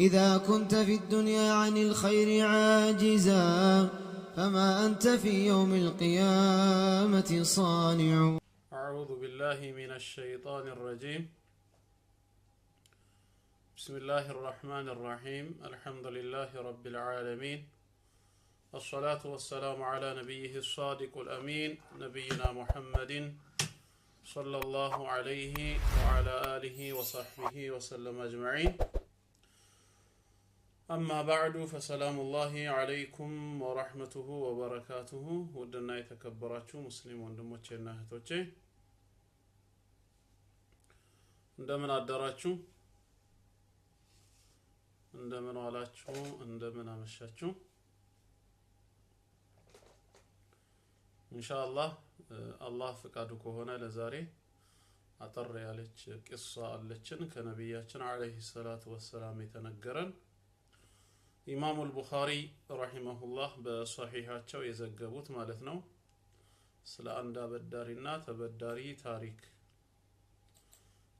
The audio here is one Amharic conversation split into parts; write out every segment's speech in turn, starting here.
إذا كنت في الدنيا عن الخير عاجزا فما أنت في يوم القيامة صانع أعوذ بالله من الشيطان الرجيم بسم الله الرحمن الرحيم الحمد لله رب العالمين الصلاة والسلام على نبيه الصادق الأمين نبينا محمد صلى الله عليه وعلى آله وصحبه وسلم أجمعين أما بعد فسلام الله عليكم ورحمته وبركاته ودنا يتكبراتشو مسلم وندموتشينا هتوتشي እንደምን አደራችሁ እንደምን ዋላችሁ እንደምን አመሻችሁ ኢንሻአላህ አላህ ፍቃዱ ከሆነ ለዛሬ አጠር ያለች ቅሷ አለችን ከነቢያችን አለይሂ ሰላቱ ወሰላም የተነገረን ኢማሙ አልቡኻሪ ረሂመሁላህ በሰሒሐቸው የዘገቡት ማለት ነው። ስለ አንድ አበዳሪና ተበዳሪ ታሪክ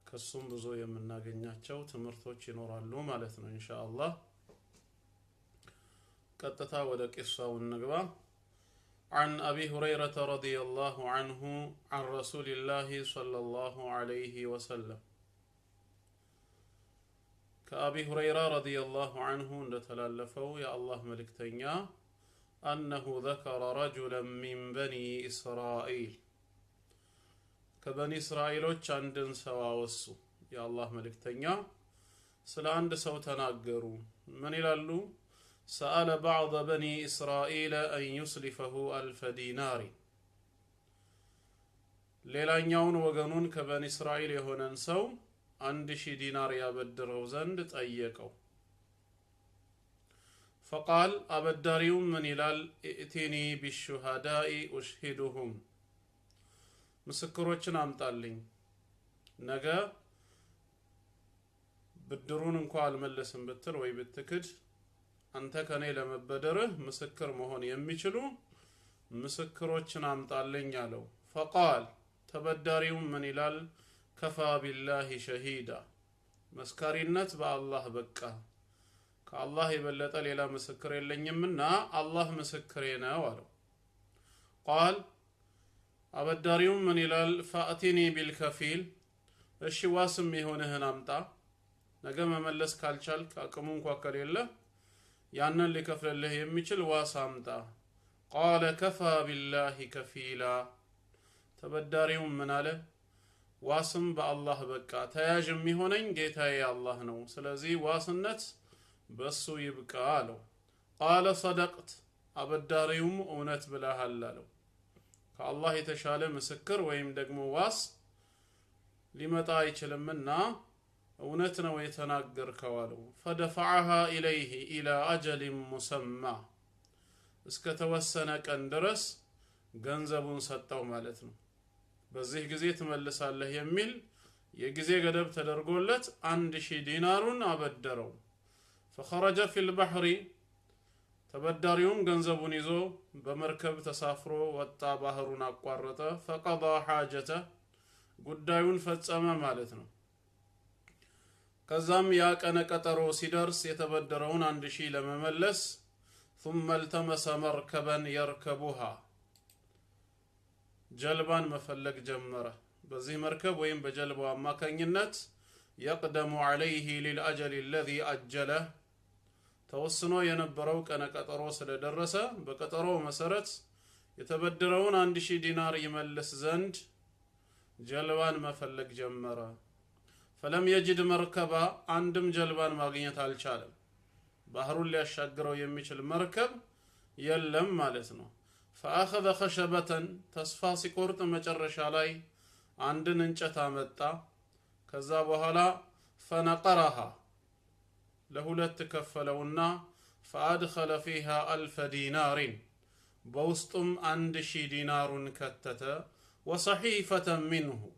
ከሱም ብዙ የምናገኛቸው ትምህርቶች ይኖራሉ ማለት ነው ኢንሻ አላህ። ቀጥታ ወደ ቂሳው እንግባ። عن أبي هريرة رضي الله عنه عن رسول الله صلى الله عليه وسلم ከአቢ ሁረይራ ረዲየላሁ አንሁ እንደተላለፈው የአላህ መልእክተኛ አነሁ ዘከረ ረጁለን ሚን በኒ እስራኤል ከበኒ እስራኤሎች አንድን ሰው አወሱ። የአላህ መልእክተኛ ስለ አንድ ሰው ተናገሩ። ምን ይላሉ? ሰአለ ባዕض በኒ እስራኤል አን ዩስሊፈሁ አልፈ ዲናሪ ሌላኛውን ወገኑን ከበኒ እስራኤል የሆነን ሰው አንድ ሺህ ዲናር ያበድረው ዘንድ ጠየቀው። ፈቃል አበዳሪውም ምን ይላል? ኢእቲኒ ቢሹሃዳኢ ኡሽሂዱሁም፣ ምስክሮችን አምጣልኝ፣ ነገ ብድሩን እንኳ አልመለስም ብትል ወይ ብትክድ፣ አንተ ከኔ ለመበደርህ ምስክር መሆን የሚችሉ ምስክሮችን አምጣልኝ አለው። ፈቃል ተበዳሪውም ምን ይላል? ከፋ ቢላሂ ሸሂዳ መስካሪነት በአላህ በቃ ከአላህ የበለጠ ሌላ ምስክር የለኝምና አላህ ምስክሬ ነው አለው። ቃል አበዳሪውም ምን ይላል? ፋእቲኒ ቢልከፊል እሺ ዋስም የሆነህን አምጣ። ነገ መመለስ ካልቻልክ አቅሙ እንኳ ከሌለ ያንን ሊከፍልልህ የሚችል ዋስ አምጣ። ቃለ ከፋ ቢላሂ ከፊላ ተበዳሪውም ምን አለ? ዋስም በአላህ በቃ ተያዥ የሚሆነኝ ጌታዬ አላህ ነው። ስለዚህ ዋስነት በሱ ይብቃ አለው። ቃለ ሰደቅት፣ አበዳሪውም እውነት ብለሃል አለው። ከአላህ የተሻለ ምስክር ወይም ደግሞ ዋስ ሊመጣ አይችልምና እውነት ነው የተናገርከው አለው። ፈደፈዐሃ ኢለይህ ኢላ አጀሊን ሙሰማ፣ እስከ ተወሰነ ቀን ድረስ ገንዘቡን ሰጠው ማለት ነው። በዚህ ጊዜ ትመልሳለህ የሚል የጊዜ ገደብ ተደርጎለት አንድ ሺህ ዲናሩን አበደረው። ፈኸረጀ ፊል ባህሪ ተበዳሪውም ገንዘቡን ይዞ በመርከብ ተሳፍሮ ወጣ፣ ባህሩን አቋረጠ። ፈቀዳ ሓጀተ ጉዳዩን ፈጸመ ማለት ነው። ከዛም ያ ቀነ ቀጠሮ ሲደርስ የተበደረውን አንድ ሺህ ለመመለስ ثم التمس مركبا يركبها ጀልባን መፈለግ ጀመረ። በዚህ መርከብ ወይም በጀልባው አማካኝነት የቅደሙ ዓለይህ ሊልአጀል ለዚ አጀለ ተወስኖ የነበረው ቀነ ቀጠሮ ስለደረሰ በቀጠሮው መሰረት የተበደረውን አንድ ሺህ ዲናር ይመልስ ዘንድ ጀልባን መፈለግ ጀመረ። ፈለም የጅድ መርከባ አንድም ጀልባን ማግኘት አልቻለም። ባህሩን ሊያሻግረው የሚችል መርከብ የለም ማለት ነው። فأخذ خشبة تصفاص كورت مجرش علي عند ننجتا متا كذابها لا فنقرها لهلت كفلونا فأدخل فيها ألف دينار بوستم عند شي دينار كتت وصحيفة منه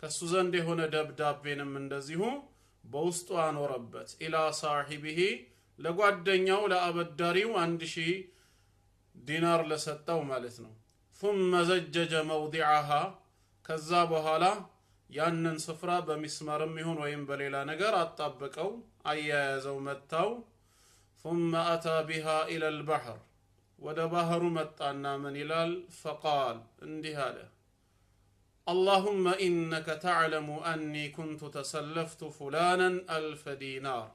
كسوزن دي هنا دب داب بين من دزيهو بوستو عن ربت إلى صاحبه لقعد دنيا ولا أبد داري وعند دينار لسطاو مالتنو ثم زجج موضعها كذا بهالا يانن سفرة بمسمار ميهون وين بليلا نجر اطبقو اياازو متاو ثم اتى بها الى البحر ودا بحر متانا من الال فقال اندي اللهم انك تعلم اني كنت تسلفت فلانا الف دينار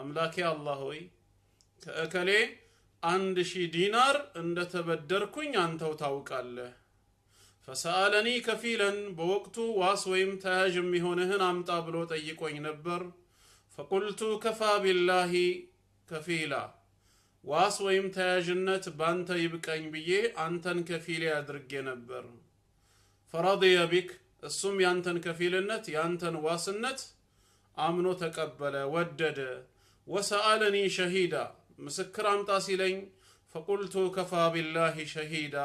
املاك يا الله كاكلي አንድ ሺህ ዲናር እንደተበደርኩኝ አንተው ታውቃለህ። ፈሰአለኒ ከፊለን በወቅቱ ዋስ ወይም ተያዥ የሚሆንህን አምጣ ብሎ ጠይቆኝ ነበር። ፈቁልቱ ከፋ ቢላሂ ከፊላ ዋስ ወይም ተያዥነት ባንተ ይብቀኝ ብዬ አንተን ከፊሌ አድርጌ ነበር። ፈረድየ ቢክ እሱም ያንተን ከፊልነት ያንተን ዋስነት አምኖ ተቀበለ፣ ወደደ። ወሰአለኒ ሸሂዳ ምስክር አምጣ ሲለኝ ፈቁልቱ ከፋ ቢላሂ ሸሂዳ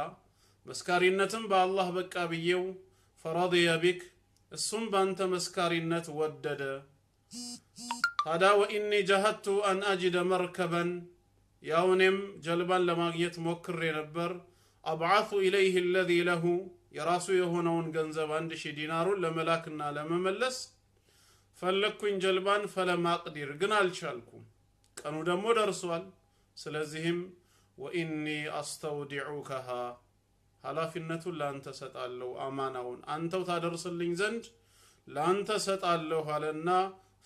መስካሪነትም በአላህ በቃ ብዬው ፈራድየ ቢክ እሱም በአንተ መስካሪነት ወደደ። ታዳ ወኢኒ ጃሃድቱ አን አጅደ መርከበን ያው እኔም ጀልባን ለማግኘት ሞክሬ ነበር። አብዓቱ ኢለይህ አለዚ ለሁ የራሱ የሆነውን ገንዘብ አንድ ሺህ ዲናሩን ለመላክና ለመመለስ ፈለግኩኝ ጀልባን ፈለም አቅዲር ግን አልቻልኩም። ቀኑ ደግሞ ደርሷል። ስለዚህም ወኢኒ አስተውዲዑከሃ ኃላፊነቱን ለአንተ ሰጣለሁ፣ አማናውን አንተው ታደርስልኝ ዘንድ ለአንተ ሰጣለሁ አለና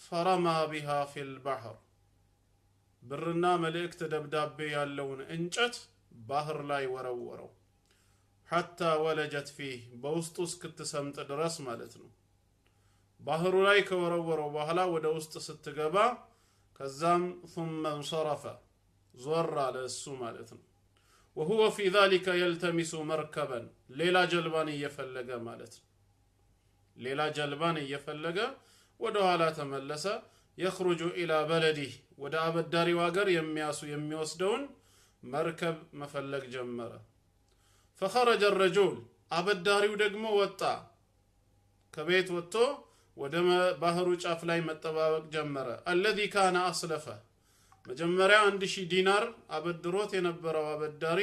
ፈረማ ቢሃ ፊል ባህር ብርና መልእክት ደብዳቤ ያለውን እንጨት ባህር ላይ ወረወረው። ሐታ ወለጀት ፊህ በውስጡ እስክትሰምጥ ድረስ ማለት ነው። ባህሩ ላይ ከወረወረው በኋላ ወደ ውስጥ ስትገባ كزام ثم انصرف زور على السمالتن وهو في ذلك يلتمس مركبا ليلا جلبان يفلق مالتن ليلا جلبان يفلق ودو على تملس يخرج إلى بلده ودعا بالداري واقر يمياس يميوس دون مركب مفلق جمرة فخرج الرجل عبد داري ودقمو وطا كبيت وطو ወደ ባህሩ ጫፍ ላይ መጠባበቅ ጀመረ። አለዚ ካነ አስለፈ መጀመሪያ አንድ ሺህ ዲናር አበድሮት የነበረው አበዳሪ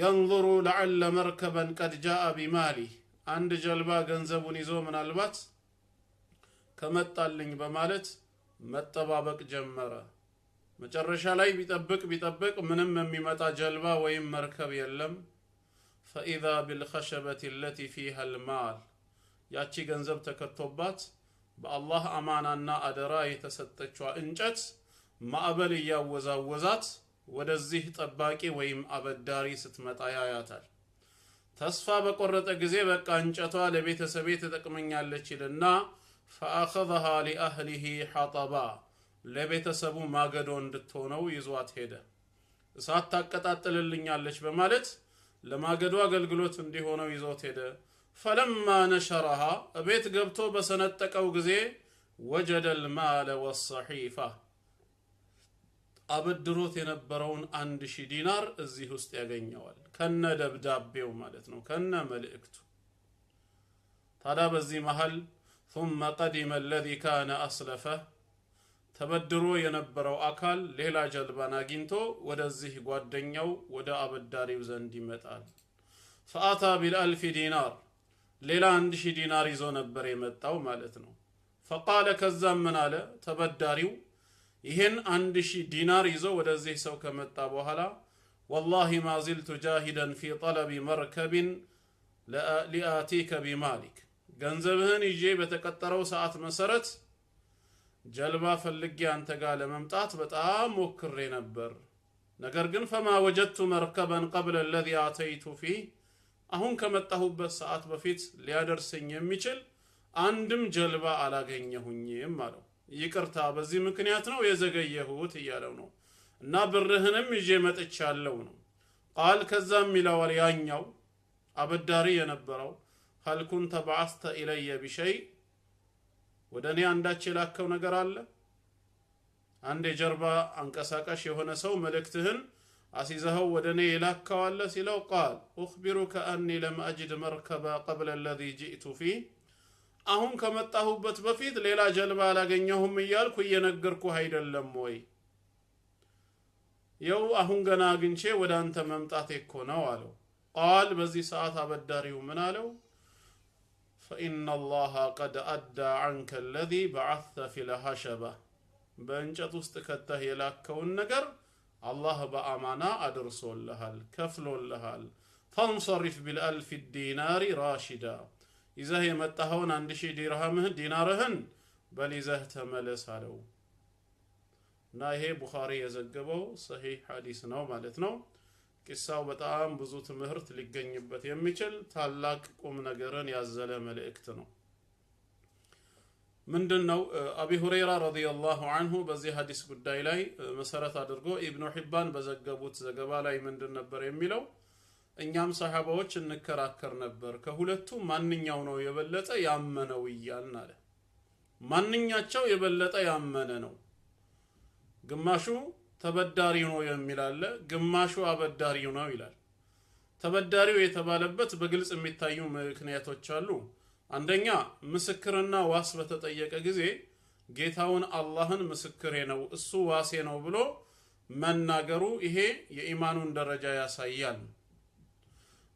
የንظሩ ለዓለ መርከበን ቀድ ጃአ ቢማሊ አንድ ጀልባ ገንዘቡን ይዞ ምናልባት ከመጣልኝ በማለት መጠባበቅ ጀመረ። መጨረሻ ላይ ቢጠብቅ ቢጠብቅ ምንም የሚመጣ ጀልባ ወይም መርከብ የለም። ፈኢዛ ቢልኸሸበት ለቲ ፊሃ ልማል ያቺ ገንዘብ ተከቶባት በአላህ አማናና አደራ የተሰጠችዋ እንጨት ማዕበል እያወዛወዛት ወደዚህ ጠባቂ ወይም አበዳሪ ስትመጣ ያያታል። ተስፋ በቆረጠ ጊዜ በቃ እንጨቷ ለቤተሰቤ ትጠቅመኛለች ይልና ፈአኸዘሃ ሊአህሊሂ ሐጠባ ለቤተሰቡ ማገዶ እንድትሆነው ይዟት ሄደ። እሳት ታቀጣጥልልኛለች በማለት ለማገዶ አገልግሎት እንዲሆነው ይዞት ሄደ። فلما نشرها بيت قبطو بسنتك أو قزي وجد المال والصحيفة أبدرو تنبرون أندشي دينار الزي هستيغين يوال كان دبداب بيو مالتنو كان ملئكتو طلاب الزي محل ثم قدم الذي كان أصلفه تبدرو ينبرو أكل ليلا جلبانا جنتو ودى الزي هقواد دنيو ودى أبداري وزن ديمتال فآتا بالألف دينار ሌላ አንድ ሺህ ዲናር ይዞ ነበር የመጣው ማለት ነው። ፈቃለ ከዛም ምን አለ ተበዳሪው ይህን አንድ ሺህ ዲናር ይዞ ወደዚህ ሰው ከመጣ በኋላ ወላሂ ማዚልቱ ጃሂደን ፊ ጠለቢ መርከቢን ሊአቲከ ቢማሊክ ገንዘብህን ይዤ በተቀጠረው ሰዓት መሰረት ጀልባ ፈልጌ አንተ ጋር ለመምጣት በጣም ሞክሬ ነበር። ነገር ግን ፈማ ወጀድቱ መርከበን ቀብለ አለዚ አተይቱ ፊህ አሁን ከመጣሁበት ሰዓት በፊት ሊያደርሰኝ የሚችል አንድም ጀልባ አላገኘሁኝም አለው። ይቅርታ በዚህ ምክንያት ነው የዘገየሁት እያለው ነው። እና ብርህንም ይዤ መጥቻለሁ ነው ቃል። ከዛም ይለዋል ያኛው አበዳሪ የነበረው ሀል ኩንተ በዐስተ ኢለየ ቢሸይ ወደ እኔ አንዳች የላከው ነገር አለ? አንድ የጀርባ አንቀሳቃሽ የሆነ ሰው መልእክትህን عسيزه ودني لك والسي لو قال أخبرك أني لم أجد مركبا قبل الذي جئت فيه أهم كما التهبت بفيد ليلا جلبا لغن يهم يالكو ينقركو هيدا لموي يو أهم غنا غنشي ودان تممتاتي كونوالو قال بزي ساعت أبداري ومنالو فإن الله قد أدى عنك الذي بعث في لهاشبة بانجا تستكتاه يلاك كون نقر አላህ በአማና አድርሶልሃል ከፍሎልሃል ፈንሰሪፍ ቢልአልፍ ዲናሪ ራሺዳ ይዘህ የመጣኸውን አንድ ሺህ ዲርሃምህን ዲናርህን በል ይዘህ ተመለስ አለው እና ይሄ ቡኻሪ የዘገበው ሰሂህ ሐዲስ ነው ማለት ነው ቂሳው በጣም ብዙ ትምህርት ሊገኝበት የሚችል ታላቅ ቁም ነገርን ያዘለ መልእክት ነው ምንድን ነው አቢ ሁረይራ ረዲየላሁ አንሁ በዚህ ሀዲስ ጉዳይ ላይ መሰረት አድርጎ ኢብኑ ሒባን በዘገቡት ዘገባ ላይ ምንድን ነበር የሚለው እኛም ሰሓባዎች እንከራከር ነበር ከሁለቱ ማንኛው ነው የበለጠ ያመነው እያልን አለ ማንኛቸው የበለጠ ያመነ ነው ግማሹ ተበዳሪ ነው የሚል ግማሹ አበዳሪው ነው ይላል ተበዳሪው የተባለበት በግልጽ የሚታዩ ምክንያቶች አሉ አንደኛ ምስክርና ዋስ በተጠየቀ ጊዜ ጌታውን አላህን ምስክሬ ነው እሱ ዋሴ ነው ብሎ መናገሩ ይሄ የኢማኑን ደረጃ ያሳያል።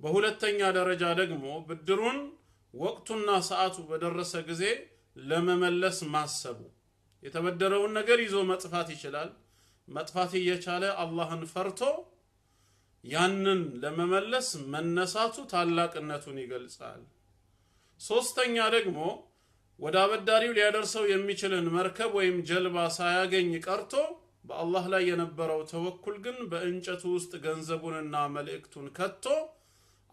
በሁለተኛ ደረጃ ደግሞ ብድሩን ወቅቱና ሰዓቱ በደረሰ ጊዜ ለመመለስ ማሰቡ የተበደረውን ነገር ይዞ መጥፋት ይችላል። መጥፋት እየቻለ አላህን ፈርቶ ያንን ለመመለስ መነሳቱ ታላቅነቱን ይገልጻል። ሶስተኛ ደግሞ ወደ አበዳሪው ሊያደርሰው የሚችልን መርከብ ወይም ጀልባ ሳያገኝ ቀርቶ በአላህ ላይ የነበረው ተወኩል ግን በእንጨቱ ውስጥ ገንዘቡንና መልእክቱን ከቶ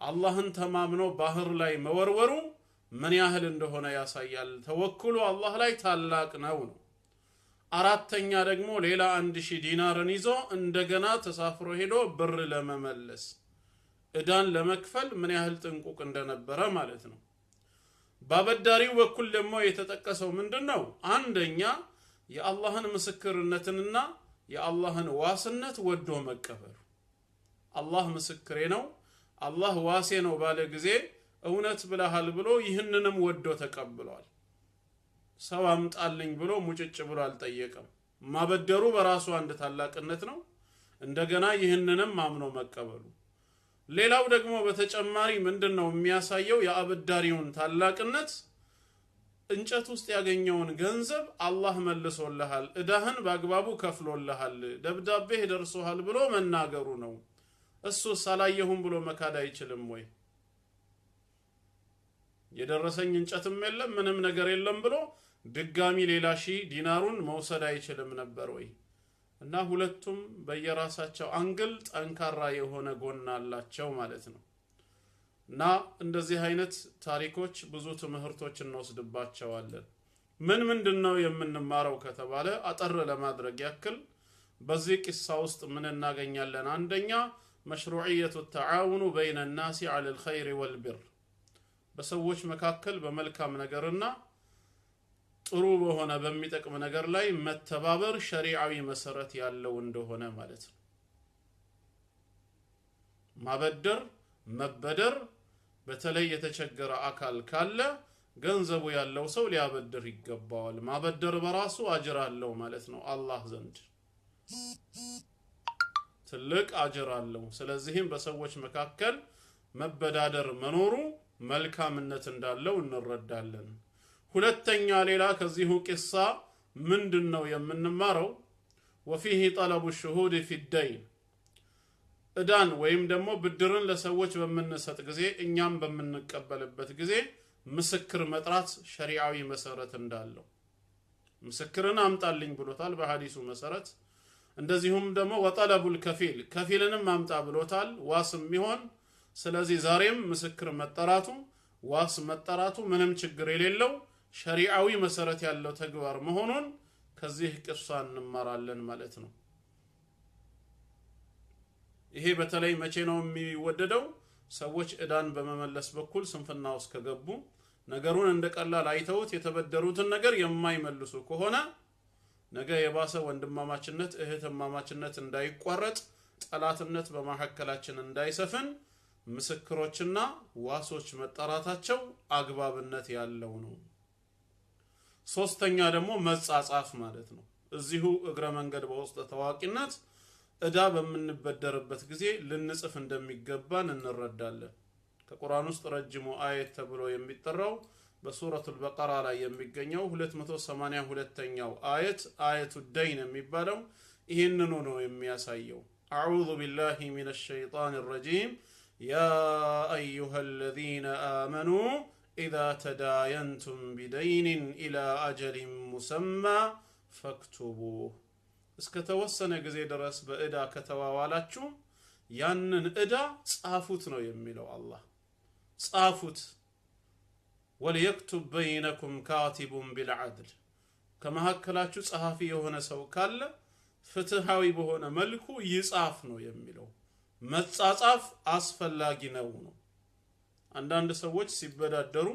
አላህን ተማምኖ ባህር ላይ መወርወሩ ምን ያህል እንደሆነ ያሳያል። ተወኩሉ አላህ ላይ ታላቅ ነው ነው። አራተኛ ደግሞ ሌላ አንድ ሺህ ዲናርን ይዞ እንደገና ተሳፍሮ ሄዶ ብር ለመመለስ እዳን ለመክፈል ምን ያህል ጥንቁቅ እንደነበረ ማለት ነው። በአበዳሪው በኩል ደግሞ የተጠቀሰው ምንድን ነው? አንደኛ የአላህን ምስክርነትንና የአላህን ዋስነት ወዶ መቀበሉ። አላህ ምስክሬ ነው፣ አላህ ዋሴ ነው ባለ ጊዜ እውነት ብለሃል ብሎ ይህንንም ወዶ ተቀብሏል። ሰው አምጣልኝ ብሎ ሙጭጭ ብሎ አልጠየቀም። ማበደሩ በራሱ አንድ ታላቅነት ነው። እንደገና ይህንንም አምኖ መቀበሉ ሌላው ደግሞ በተጨማሪ ምንድን ነው የሚያሳየው የአበዳሪውን ታላቅነት እንጨት ውስጥ ያገኘውን ገንዘብ አላህ መልሶልሃል፣ እዳህን በአግባቡ ከፍሎልሃል፣ ደብዳቤህ ደርሶሃል ብሎ መናገሩ ነው። እሱስ አላየሁም ብሎ መካድ አይችልም ወይ? የደረሰኝ እንጨትም የለም ምንም ነገር የለም ብሎ ድጋሚ ሌላ ሺህ ዲናሩን መውሰድ አይችልም ነበር ወይ? እና ሁለቱም በየራሳቸው አንግል ጠንካራ የሆነ ጎን አላቸው ማለት ነው። እና እንደዚህ አይነት ታሪኮች ብዙ ትምህርቶች እንወስድባቸዋለን። ምን ምንድን ነው የምንማረው ከተባለ አጠር ለማድረግ ያክል በዚህ ቂሳ ውስጥ ምን እናገኛለን? አንደኛ መሽሩዕየቱ ተዓውኑ በይነ ናሲ ዐለል ኸይሪ ወልቢር፣ በሰዎች መካከል በመልካም ነገርና ጥሩ በሆነ በሚጠቅም ነገር ላይ መተባበር ሸሪዓዊ መሰረት ያለው እንደሆነ ማለት ነው። ማበደር፣ መበደር በተለይ የተቸገረ አካል ካለ ገንዘቡ ያለው ሰው ሊያበድር ይገባዋል። ማበደር በራሱ አጅር አለው ማለት ነው አላህ ዘንድ ትልቅ አጅር አለው። ስለዚህም በሰዎች መካከል መበዳደር መኖሩ መልካምነት እንዳለው እንረዳለን። ሁለተኛ ሌላ ከዚሁ ቂሳ ምንድን ነው የምንማረው? ወፊህ ጠለቡ ሽሁድ ፊደይን እዳን ወይም ደግሞ ብድርን ለሰዎች በምንሰጥ ጊዜ እኛም በምንቀበልበት ጊዜ ምስክር መጥራት ሸሪዓዊ መሰረት እንዳለው ምስክርን አምጣልኝ ብሎታል በሀዲሱ መሰረት። እንደዚሁም ደግሞ ወጠለቡል ከፊል ከፊልንም አምጣ ብሎታል ዋስም የሚሆን ስለዚህ ዛሬም ምስክር መጠራቱ ዋስ መጠራቱ ምንም ችግር የሌለው ሸሪዓዊ መሰረት ያለው ተግባር መሆኑን ከዚህ ቅሷ እንማራለን ማለት ነው። ይሄ በተለይ መቼ ነው የሚወደደው? ሰዎች እዳን በመመለስ በኩል ስንፍና ውስጥ ከገቡ፣ ነገሩን እንደ ቀላል አይተውት የተበደሩትን ነገር የማይመልሱ ከሆነ ነገ የባሰ ወንድማማችነት እህትማማችነት እንዳይቋረጥ፣ ጠላትነት በማካከላችን እንዳይሰፍን ምስክሮችና ዋሶች መጠራታቸው አግባብነት ያለው ነው። ሶስተኛ ደግሞ መጻጻፍ ማለት ነው። እዚሁ እግረ መንገድ በውስጥ ታዋቂነት እዳ በምንበደርበት ጊዜ ልንጽፍ እንደሚገባን እንረዳለን። ከቁርአን ውስጥ ረጅሙ አየት ተብሎ የሚጠራው በሱረቱል በቀራ ላይ የሚገኘው 282ኛው አየት አየቱ ደይን የሚባለው ይህንኑ ነው የሚያሳየው። አዑዙ ቢላሂ ሚነ ሸይጣን ረጂም ያ አዩሃ አለዚነ አመኑ إذا تداينتم بدين إلى أجل مسمى فاكتبوه እስከተወሰነ ጊዜ ድረስ በእዳ ከተዋዋላችሁ ያንን እዳ ጻፉት ነው የሚለው አላህ ጻፉት ወልየክቱብ በይነኩም ካቲቡን ቢልዓድል ከመካከላችሁ ጸሐፊ የሆነ ሰው ካለ ፍትሃዊ በሆነ መልኩ ይጻፍ ነው የሚለው መጻጻፍ አስፈላጊ ነው ነው አንዳንድ ሰዎች ሲበዳደሩ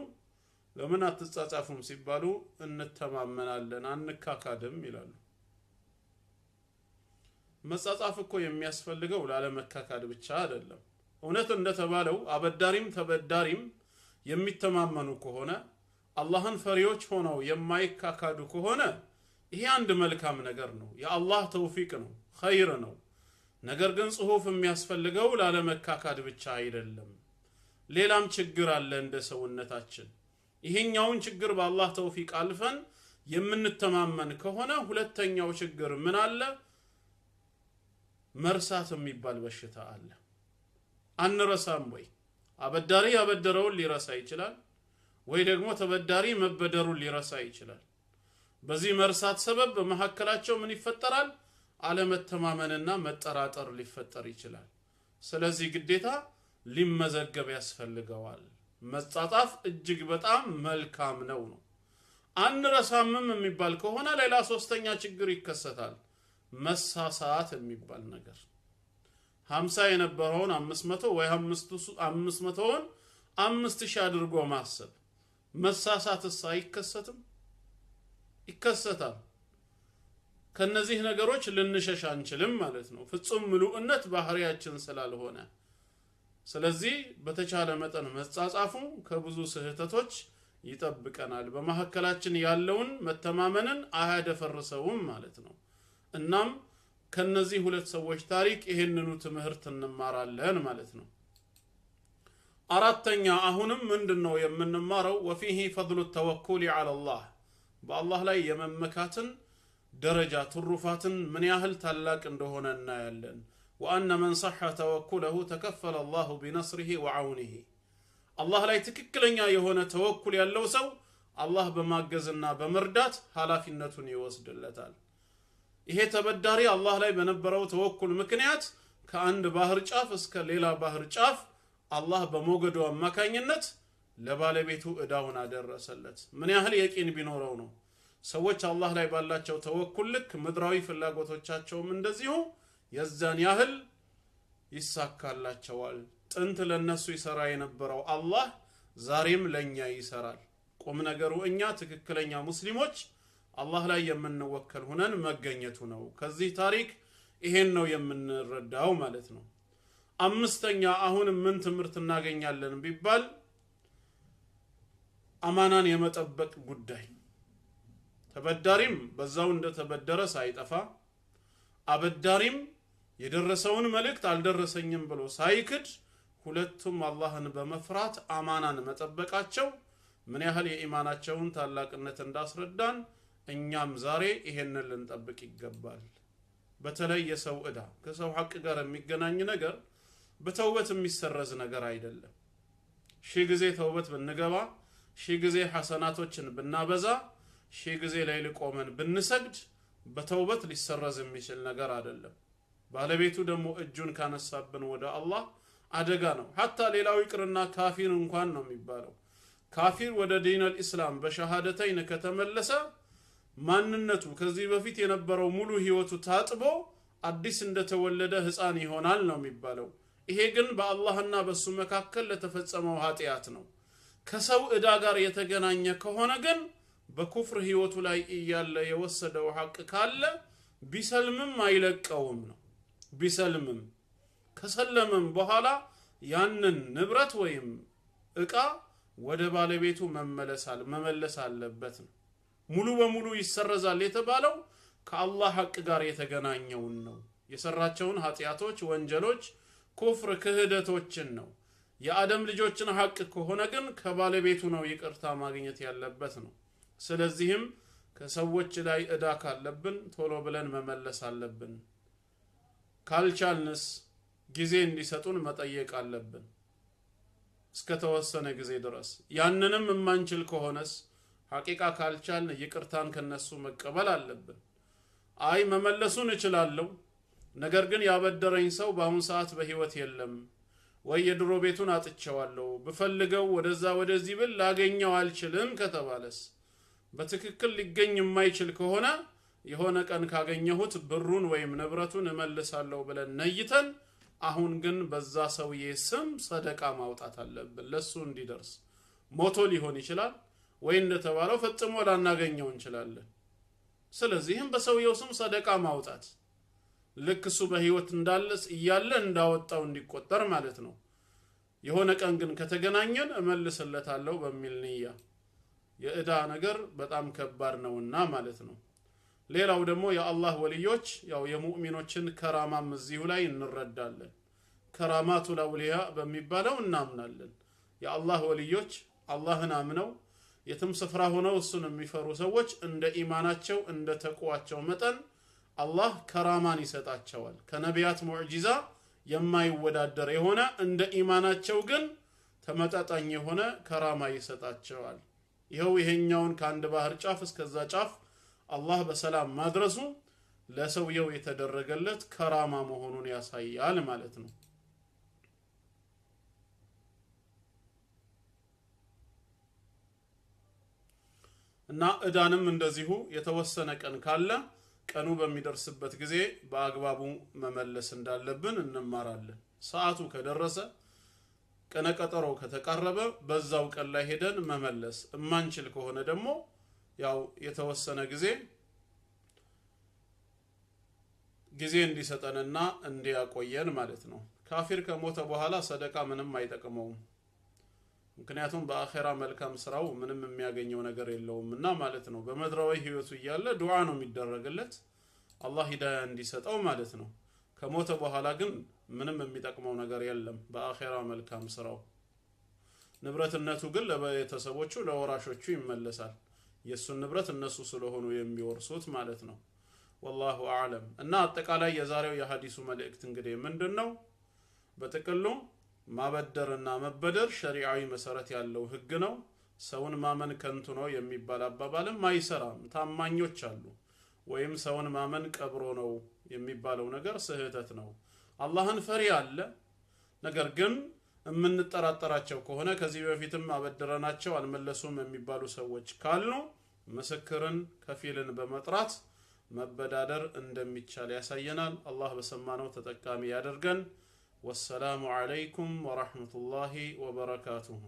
ለምን አትጻጻፉም ሲባሉ እንተማመናለን አንካካድም ይላሉ። መጻጻፍ እኮ የሚያስፈልገው ላለመካካድ ብቻ አይደለም። እውነት እንደተባለው አበዳሪም ተበዳሪም የሚተማመኑ ከሆነ አላህን ፈሪዎች ሆነው የማይካካዱ ከሆነ ይሄ አንድ መልካም ነገር ነው፣ የአላህ ተውፊቅ ነው፣ ኸይር ነው። ነገር ግን ጽሁፍ የሚያስፈልገው ላለመካካድ ብቻ አይደለም። ሌላም ችግር አለ እንደ ሰውነታችን። ይሄኛውን ችግር በአላህ ተውፊቅ አልፈን የምንተማመን ከሆነ ሁለተኛው ችግር ምን አለ? መርሳት የሚባል በሽታ አለ። አንረሳም ወይ? አበዳሪ ያበደረውን ሊረሳ ይችላል፣ ወይ ደግሞ ተበዳሪ መበደሩን ሊረሳ ይችላል። በዚህ መርሳት ሰበብ በመካከላቸው ምን ይፈጠራል? አለመተማመንና መጠራጠር ሊፈጠር ይችላል። ስለዚህ ግዴታ ሊመዘገብ ያስፈልገዋል። መጻጻፍ እጅግ በጣም መልካም ነው ነው አንረሳምም የሚባል ከሆነ ሌላ ሶስተኛ ችግር ይከሰታል። መሳሳት የሚባል ነገር ሀምሳ የነበረውን አምስት መቶ ወይ አምስት መቶውን አምስት ሺህ አድርጎ ማሰብ መሳሳትስ አይከሰትም? ይከሰታል። ከነዚህ ነገሮች ልንሸሽ አንችልም ማለት ነው። ፍጹም ምሉእነት ባህሪያችን ስላልሆነ ስለዚህ በተቻለ መጠን መጻጻፉ ከብዙ ስህተቶች ይጠብቀናል። በመካከላችን ያለውን መተማመንን አያደፈርሰውም ማለት ነው። እናም ከነዚህ ሁለት ሰዎች ታሪክ ይህንኑ ትምህርት እንማራለን ማለት ነው። አራተኛ አሁንም ምንድን ነው የምንማረው? ወፊሂ ፈድሉ ተወኩል አለላህ በአላህ ላይ የመመካትን ደረጃ ትሩፋትን ምን ያህል ታላቅ እንደሆነ እናያለን። ወአነ መን ሰሐ ተወኩለሁ ተከፈለ አላሁ ቢነስሪሂ ወዐውኒሂ አላህ ላይ ትክክለኛ የሆነ ተወኩል ያለው ሰው አላህ በማገዝና በመርዳት ኃላፊነቱን ይወስድለታል ይሄ ተበዳሪ አላህ ላይ በነበረው ተወኩል ምክንያት ከአንድ ባህር ጫፍ እስከ ሌላ ባህር ጫፍ አላህ በሞገዱ አማካኝነት ለባለቤቱ እዳውን አደረሰለት ምን ያህል የቂን ቢኖረው ነው ሰዎች አላህ ላይ ባላቸው ተወኩል ልክ ምድራዊ ፍላጎቶቻቸውም እንደዚሁ የዛን ያህል ይሳካላቸዋል። ጥንት ለነሱ ይሰራ የነበረው አላህ ዛሬም ለእኛ ይሰራል። ቁም ነገሩ እኛ ትክክለኛ ሙስሊሞች አላህ ላይ የምንወከል ሁነን መገኘቱ ነው። ከዚህ ታሪክ ይሄን ነው የምንረዳው ማለት ነው። አምስተኛ አሁን ምን ትምህርት እናገኛለን ቢባል አማናን የመጠበቅ ጉዳይ ተበዳሪም በዛው እንደተበደረ ሳይጠፋ አበዳሪም የደረሰውን መልእክት አልደረሰኝም ብሎ ሳይክድ ሁለቱም አላህን በመፍራት አማናን መጠበቃቸው ምን ያህል የኢማናቸውን ታላቅነት እንዳስረዳን እኛም ዛሬ ይሄንን ልንጠብቅ ይገባል። በተለይ የሰው ዕዳ ከሰው ሐቅ ጋር የሚገናኝ ነገር በተውበት የሚሰረዝ ነገር አይደለም። ሺህ ጊዜ ተውበት ብንገባ፣ ሺህ ጊዜ ሐሰናቶችን ብናበዛ፣ ሺህ ጊዜ ላይ ልቆመን ብንሰግድ በተውበት ሊሰረዝ የሚችል ነገር አይደለም። ባለቤቱ ደግሞ እጁን ካነሳብን ወደ አላህ አደጋ ነው። ሐታ ሌላው ይቅርና ካፊር እንኳን ነው የሚባለው። ካፊር ወደ ዲን አልኢስላም በሸሃደተይን ከተመለሰ ማንነቱ ከዚህ በፊት የነበረው ሙሉ ህይወቱ ታጥቦ አዲስ እንደተወለደ ህፃን ይሆናል ነው የሚባለው። ይሄ ግን በአላህና በእሱ መካከል ለተፈጸመው ኃጢአት ነው። ከሰው ዕዳ ጋር የተገናኘ ከሆነ ግን በኩፍር ህይወቱ ላይ እያለ የወሰደው ሐቅ ካለ ቢሰልምም አይለቀውም ነው። ቢሰልምም ከሰለምም በኋላ ያንን ንብረት ወይም እቃ ወደ ባለቤቱ መመለስ አለበት ነው። ሙሉ በሙሉ ይሰረዛል የተባለው ከአላህ ሐቅ ጋር የተገናኘውን ነው። የሰራቸውን ኃጢአቶች፣ ወንጀሎች፣ ኩፍር፣ ክህደቶችን ነው። የአደም ልጆችን ሐቅ ከሆነ ግን ከባለቤቱ ነው ይቅርታ ማግኘት ያለበት ነው። ስለዚህም ከሰዎች ላይ ዕዳ ካለብን ቶሎ ብለን መመለስ አለብን። ካልቻልንስ ጊዜ እንዲሰጡን መጠየቅ አለብን እስከ ተወሰነ ጊዜ ድረስ። ያንንም የማንችል ከሆነስ ሐቂቃ ካልቻልን ይቅርታን ከነሱ መቀበል አለብን። አይ መመለሱን እችላለሁ፣ ነገር ግን ያበደረኝ ሰው በአሁን ሰዓት በህይወት የለም ወይ የድሮ ቤቱን አጥቸዋለሁ፣ ብፈልገው ወደዛ ወደዚህ ብል ላገኘው አልችልም ከተባለስ በትክክል ሊገኝ የማይችል ከሆነ የሆነ ቀን ካገኘሁት ብሩን ወይም ንብረቱን እመልሳለሁ ብለን ነይተን፣ አሁን ግን በዛ ሰውዬ ስም ሰደቃ ማውጣት አለብን፣ ለሱ እንዲደርስ። ሞቶ ሊሆን ይችላል ወይ እንደተባለው ፈጽሞ ላናገኘው እንችላለን። ስለዚህም በሰውየው ስም ሰደቃ ማውጣት ልክ እሱ በህይወት እንዳለስ እያለ እንዳወጣው እንዲቆጠር ማለት ነው። የሆነ ቀን ግን ከተገናኘን እመልስለታለሁ በሚል ንያ የእዳ ነገር በጣም ከባድ ነውና ማለት ነው። ሌላው ደግሞ የአላህ ወልዮች ያው የሙእሚኖችን ከራማም እዚሁ ላይ እንረዳለን። ከራማቱ ለውልያ በሚባለው እናምናለን። የአላህ ወልዮች አላህን አምነው የትም ስፍራ ሆነው እሱን የሚፈሩ ሰዎች እንደ ኢማናቸው እንደ ተቁዋቸው መጠን አላህ ከራማን ይሰጣቸዋል። ከነቢያት ሙዕጂዛ የማይወዳደር የሆነ እንደ ኢማናቸው ግን ተመጣጣኝ የሆነ ከራማ ይሰጣቸዋል። ይኸው ይሄኛውን ከአንድ ባህር ጫፍ እስከዛ ጫፍ አላህ በሰላም ማድረሱ ለሰውየው የተደረገለት ከራማ መሆኑን ያሳያል ማለት ነው። እና እዳንም እንደዚሁ የተወሰነ ቀን ካለ ቀኑ በሚደርስበት ጊዜ በአግባቡ መመለስ እንዳለብን እንማራለን። ሰዓቱ ከደረሰ ቀነቀጠሮ ከተቃረበ በዛው ቀን ላይ ሄደን መመለስ እማንችል ከሆነ ደግሞ ያው የተወሰነ ጊዜ ጊዜ እንዲሰጠንና እንዲያቆየን ማለት ነው። ካፊር ከሞተ በኋላ ሰደቃ ምንም አይጠቅመውም። ምክንያቱም በአኼራ መልካም ስራው ምንም የሚያገኘው ነገር የለውም እና ማለት ነው። በመድራዊ ህይወቱ እያለ ዱዓ ነው የሚደረግለት አላህ ሂዳያ እንዲሰጠው ማለት ነው። ከሞተ በኋላ ግን ምንም የሚጠቅመው ነገር የለም በአኼራ መልካም ስራው። ንብረትነቱ ግን ለቤተሰቦቹ ለወራሾቹ ይመለሳል። የእሱን ንብረት እነሱ ስለሆኑ የሚወርሱት ማለት ነው። ወላሁ አዕለም። እና አጠቃላይ የዛሬው የሀዲሱ መልእክት እንግዲህ ምንድን ነው? በጥቅሉ ማበደርና መበደር ሸሪዓዊ መሰረት ያለው ህግ ነው። ሰውን ማመን ከንቱ ነው የሚባል አባባልም አይሰራም። ታማኞች አሉ። ወይም ሰውን ማመን ቀብሮ ነው የሚባለው ነገር ስህተት ነው። አላህን ፈሪ አለ ነገር ግን የምንጠራጠራቸው ከሆነ ከዚህ በፊትም አበድረናቸው አልመለሱም የሚባሉ ሰዎች ካሉ ምስክርን ከፊልን በመጥራት መበዳደር እንደሚቻል ያሳየናል። አላህ በሰማነው ተጠቃሚ ያደርገን። ወሰላሙ አለይኩም ወራህመቱላሂ ወበረካቱሁ።